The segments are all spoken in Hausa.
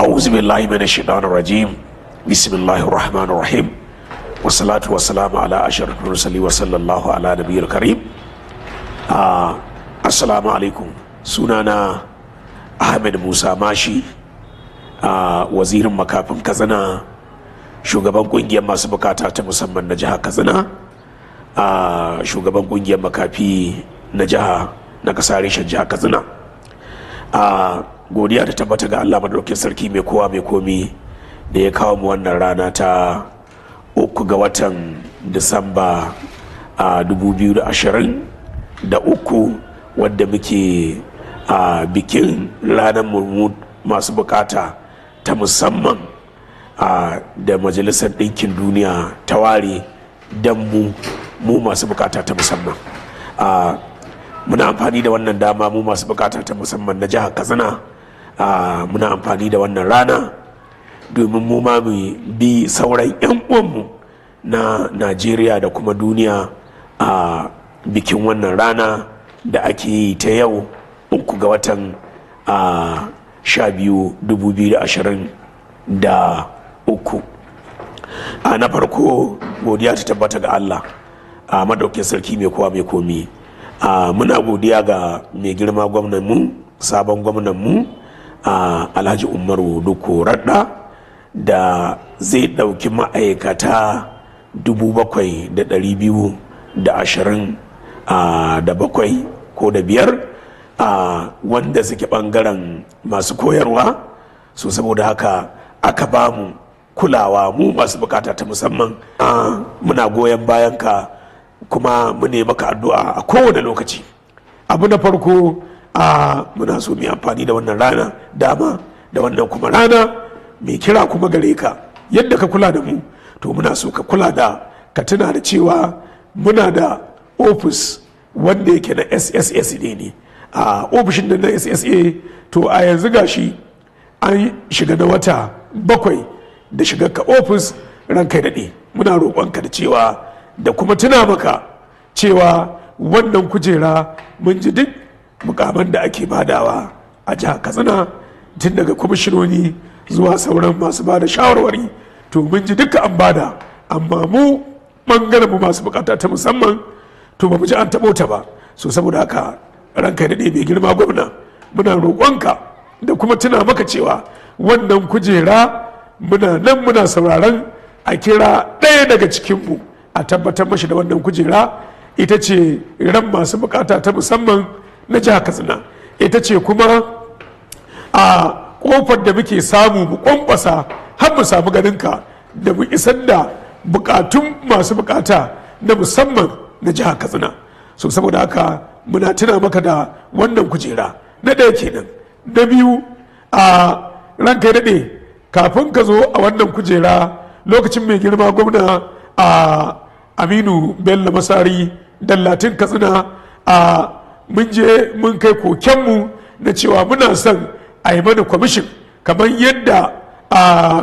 أعوذ بالله من الشيطان الرجيم بسم الله الرحمن الرحيم والصلاة والسلام على أشرف المرسلين وصلى الله على نبي الكريم آه السلام عليكم سنانا أحمد موسى ماشي آه وزير مكافن كزنا shugaban kungiyar masu bukata ta musamman na jiha katsina a shugaban kungiyar makafi na jiha na kasar reshen jiha katsina a godiya da tabbata ga allah madaukakin sarki mai kowa mai komi da ya kawo mu wannan rana ta uku ga watan disamba a 2020 da uku wadda muke a bikin ranar murmu masu bukata ta musamman a da majalisar ɗinkin duniya ta ware don mu mu masu bukata ta musamman muna amfani da wannan dama mu masu bukata ta musamman na jihar katsina muna amfani da wannan rana domin mu ma mu bi sauran 'yan uwanmu na najeriya da kuma duniya a bikin wannan rana da ake yi ta yau uku ga watan a sha biyu dubu biyu da ashirin da uku a na farko godiya ta tabbata ga allah a madaukin sarki mai kowa mai komi muna godiya ga mai girma gwamnan mu sabon gwamnan mu A alhaji umaru duku radda da zai ɗauki ma'aikata dubu bakwai da ɗari biyu da ashirin da bakwai ko da biyar a wanda suke ɓangaren masu koyarwa su saboda haka aka ba mu kulawa mu masu bukata ta musamman muna goyon bayan ka kuma mu ne maka addu'a a kowane lokaci abu na farko a muna so mu amfani da wannan rana dama da wannan kuma rana mai kira kuma gare ka yadda ka kula da mu to muna so ka kula da ka tuna da cewa muna da ofis wanda yake na sss ne ne a ofishin da na ssa to a yanzu gashi an shiga na wata bakwai da shiga ka ofis ran ranka daɗe muna roƙonka da cewa da kuma tuna maka cewa wannan kujera mun ji duk mukaman da ake badawa a jihar katsina tun daga kwamishinoni zuwa sauran masu bada shawarwari to mun ji duka an bada amma mu bangaren mu masu bukata ta musamman to ba mu ji an taɓo ta ba so saboda haka ranka da mai girma gwamna muna roƙonka da kuma tuna maka cewa wannan kujera muna nan muna sauraron a kira ɗaya daga cikinmu a tabbatar mashi da wannan kujera ita ce ran masu bukata ta musamman na jihar katsina ita ce kuma a kofar da muke samu mu kwamfasa har mu samu ganinka da mu isar da bukatun masu bukata na musamman na jiha katsina so saboda haka muna tuna maka da wannan kujera na ɗaya kenan na biyu a ranka ya daɗe kafin ka zo a wannan kujera lokacin mai girma gwamna a aminu bello masari dallatin katsina a mun je mun kai kokenmu na cewa muna son a yi mana kwamishin kamar yadda a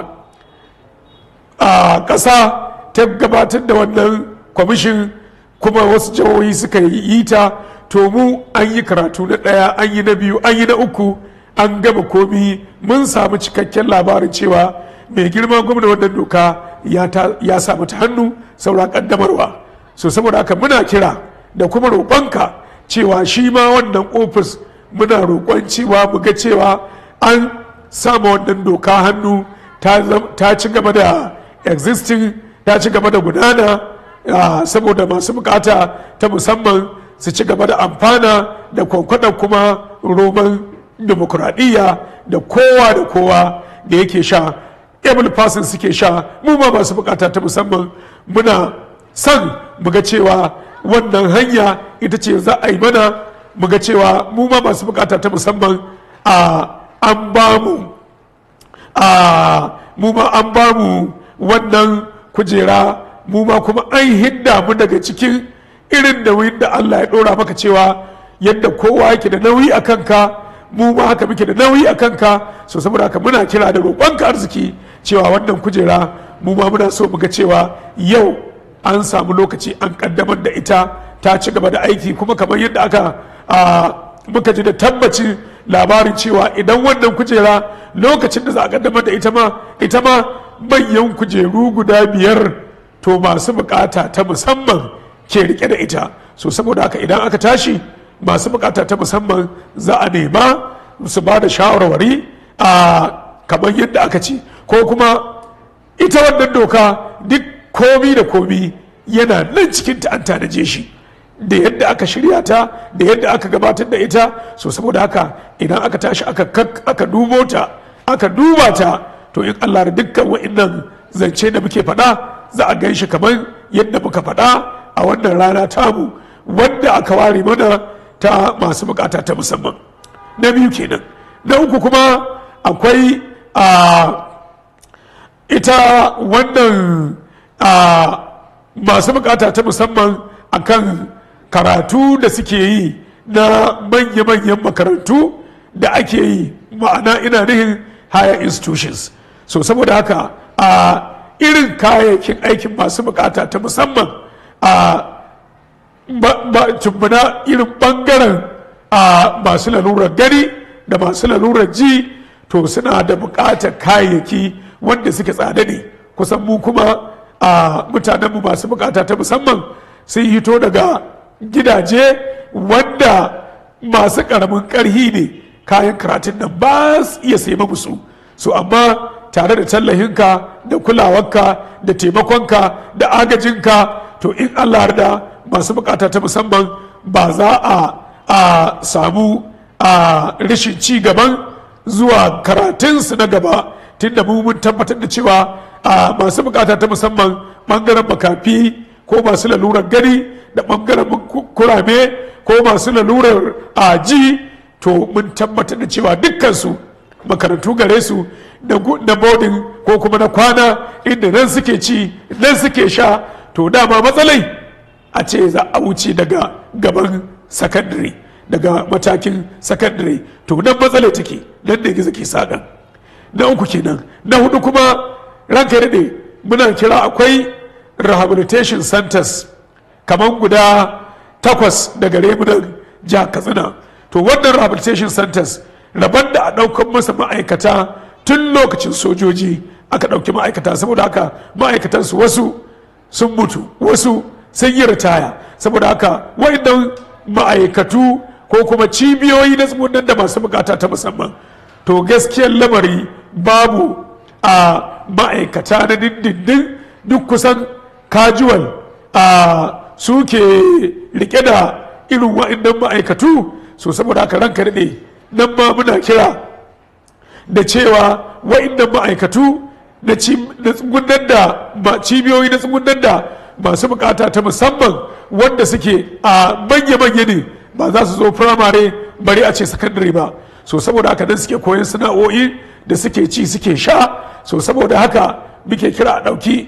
ƙasa ta gabatar da wannan kwamishin kuma wasu jihohi suka yi yita to mu an yi karatu na ɗaya an yi na biyu an yi na uku an gama komi mun samu cikakken labarin cewa mai girma gwamna wannan doka ya samu ta hannu saura ƙaddamarwa so saboda haka muna kira da kuma roƙonka cewa shi ma wannan ofis muna roƙon cewa mu ga cewa an sama wannan doka hannu ta ci gaba da existing ta ci gaba da gudana saboda masu bukata ta musamman su ci gaba da amfana da kwankwadon kuma roman demokuraɗiyya da kowa da kowa da yake sha able person suke sha mu ma masu bukata ta musamman muna son mu ga cewa wannan hanya ita ce za a yi mana muga cewa mu ma masu bukata ta musamman a an ba mu a mu ma an ba mu wannan kujera mu ma kuma an hidda mu daga cikin irin nauyin da Allah ya dora maka cewa yadda kowa yake da nauyi a kanka mu ma haka muke da nauyi a kanka so saboda haka muna kira da roƙonka arziki cewa wannan kujera mu ma muna so muga cewa yau an samu lokaci an kaddamar da ita ta ci gaba da aiki kuma kamar yadda aka muka ji da tabbaci labarin cewa idan wannan kujera lokacin da za a kaddamar da ita ma ita ma manyan kujeru guda biyar to masu bukata ta musamman ke rike da ita so saboda haka idan aka tashi masu bukata ta musamman za a nema su ba da shawarwari a kamar yadda aka ci ko kuma ita wannan doka duk komi da komi yana nan cikin ta an tanaje shi da yadda aka shirya ta da yadda aka gabatar da ita so saboda haka idan aka tashi aka dubo ta aka duba ta to in allah da dukkan wa'innan zance da muke faɗa za a gan shi kamar yadda muka faɗa a wannan rana tamu wanda aka ware mana ta masu bukata ta musamman na biyu kenan na uku kuma akwai a ah, ita wannan A masu bukata ta musamman a kan karatu da suke yi na manya-manyan makarantu da ake yi ma'ana ina nihin higher institutions so saboda haka a irin kayayyakin aikin masu bukata ta musamman a cumbuna irin bangaren a masu lalurar gani da masu lalurar ji to suna da bukatar kayayyaki wanda suke tsada ne kusan mu kuma a mutanenmu masu bukata ta musamman sun hito daga gidaje wanda masu karamin karhi ne kayan karatun nan ba su iya sai musu su amma tare da tallahinka da kulawarka da taimakonka da agajinka to in allah da masu bukata ta musamman ba za a samu a rashin ci gaban zuwa karatunsu na gaba tun da mu mun tabbatar da cewa a masu bukata ta musamman bangaren makafi ko masu lalurar gani da bangaren kurame ko masu lalurar aji to mun tabbatar da cewa dukkansu makarantu gare su na bodin ko kuma na kwana inda nan suke ci nan suke sha to dama matsalai a ce za a wuce daga gaban sakandare daga matakin sakandare to nan matsalai take nan da gizo ke saɗan na uku kenan na hudu kuma ranka daɗe muna kira akwai rehabilitation centers kamar guda takwas daga remunan jihar katsina to wannan rehabilitation centers rabon da a ɗaukar masa ma'aikata tun lokacin sojoji aka ɗauki ma'aikata saboda haka ma'aikatansu wasu sun mutu wasu sun yi ritaya saboda haka waannan ma'aikatu ko kuma cibiyoyi na tsibirin da masu bukata ta musamman to gaskiyar lamari babu a ma'aikata na dindindin duk kusan kajuwal a suke rike da irin wa'annan ma'aikatu so saboda haka ranka ne nan ma muna kira da cewa wa'annan ma'aikatu na tsugunan da cibiyoyi na tsugunan da masu bukata ta musamman wanda suke a manya-manya ne ba za su zo firamare bari a ce sakandare ba so saboda haka nan suke koyon sana'o'i da suke ci suke sha so saboda haka muke kira a ɗauki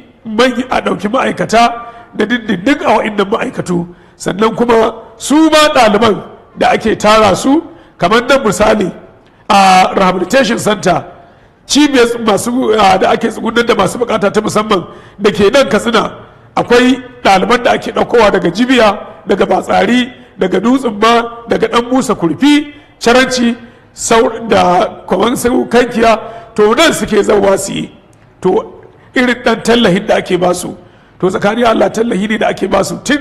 a ɗauki ma'aikata da dindindin a wa'innan ma'aikatu sannan kuma su ma ɗaliban da ake tara su kamar nan misali a rehabilitation center cibiyar masu da ake tsugunan da masu bukata ta musamman da ke nan katsina akwai ɗaliban da ake ɗaukowa daga jibiya daga batsari daga dutsen ba daga ɗan musa kurfi caranci da kwaman kankiya to nan suke zauwa su yi to irin dan tallahin da ake basu to tsakanin allah tallahi ne da ake basu tun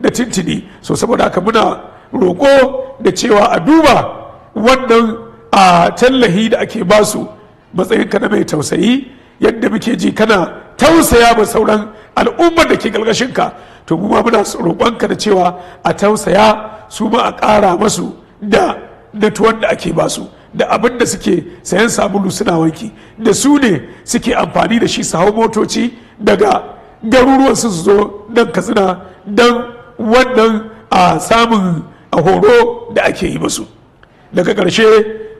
da tintini so saboda haka muna roƙo da cewa a duba wannan a tallahi da ake basu matsayin ka na mai tausayi yadda muke ji kana tausaya ma sauran al'ummar da ke galgashin ka to mu ma muna roƙonka da cewa a tausaya su ma a ƙara masu da da tuwon da ake basu da abin da suke sayan sabulu suna wanki da su ne suke amfani da shi su hau motoci daga garuruwan su zo don katsina don wannan a samun a horo da ake yi musu daga ƙarshe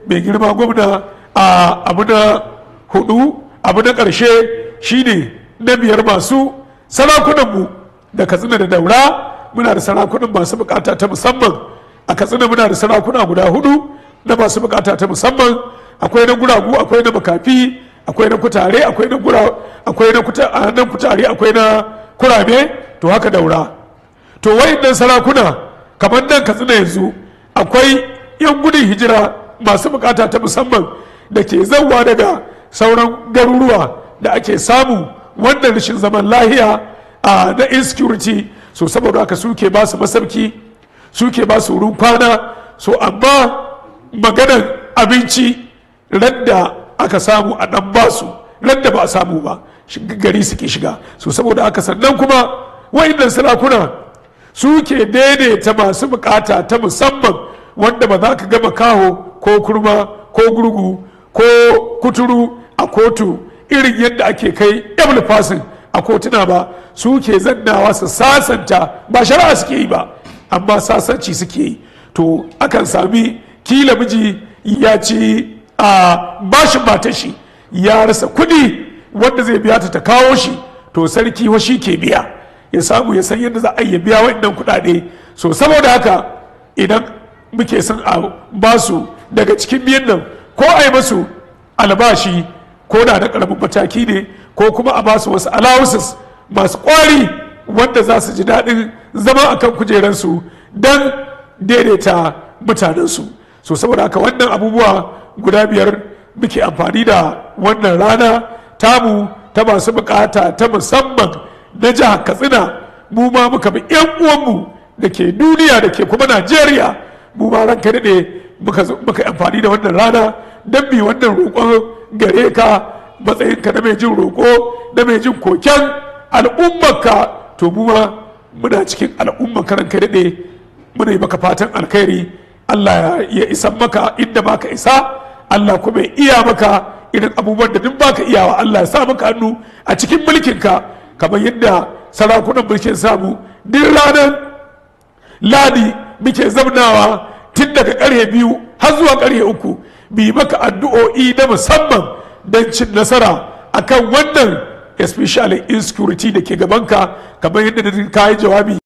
mai girma gwamna a abu na hudu abu na ƙarshe shine na biyar masu sarakunanmu da katsina da daura muna da sarakunan masu bukata ta musamman a katsina muna da sarakuna guda hudu na masu bukata ta musamman akwai na guragu akwai na makafi akwai na kutare akwai na gura akwai na kutare akwai na kurame to haka daura to wayannan sarakuna kamar nan katsina yanzu akwai yan gudun hijira masu bukata ta musamman da ke zauwa daga sauran garuruwa da ake samu wannan rashin zaman lahiya a na insecurity so saboda haka suke ba su masauki. suke ba su wurin kwana so amma maganan abinci radda aka samu a dan basu radda ba a samu ba gari suke shiga so saboda aka sannan kuma wa'innan sarakuna suke daidaita masu bukata ta musamman wanda ba za ka gama kaho ko kurma ko gurgu ko kuturu a kotu irin yadda ake kai ebul fasin a kotuna ba suke zannawa su sasanta ba shari'a suke yi ba amma sasanci suke yi to akan sami kila miji ya ci a bashin mata shi ya rasa kudi wanda zai biya ta ta kawo shi to sarki wa shi ke biya ya samu ya san yadda za a yi biya waɗannan kuɗaɗe so saboda haka idan muke son a basu daga cikin biyan nan ko a yi masu albashi ko da na ƙaramin mataki ne ko kuma a basu wasu allowances masu ƙwari wanda za su ji daɗin zama a kan kujeransu don daidaita mutanensu so saboda haka wannan abubuwa guda biyar muke amfani da wannan rana tamu ta masu bukata ta musamman na jihar katsina mu ma muka bi 'yan uwanmu da ke duniya da ke kuma najeriya mu ma ranka daɗe muka amfani da wannan rana don bi wannan roƙon gare ka matsayinka na mai jin roƙo na mai jin koken al'ummarka to mu ma muna cikin al'umma karan ka daɗe muna yi maka fatan alkhairi Allah ya isa maka inda baka isa Allah kuma bai iya maka idan abubuwan da duk baka iyawa Allah ya sa maka hannu a cikin mulkin ka kamar yadda sarakunan mulkin samu duk ranar ladi muke zamnawa tun daga karhe biyu har zuwa karhe uku bi maka addu'o'i na musamman don cin nasara akan wannan especially insecurity da ke gabanka kamar yadda da ka yi jawabi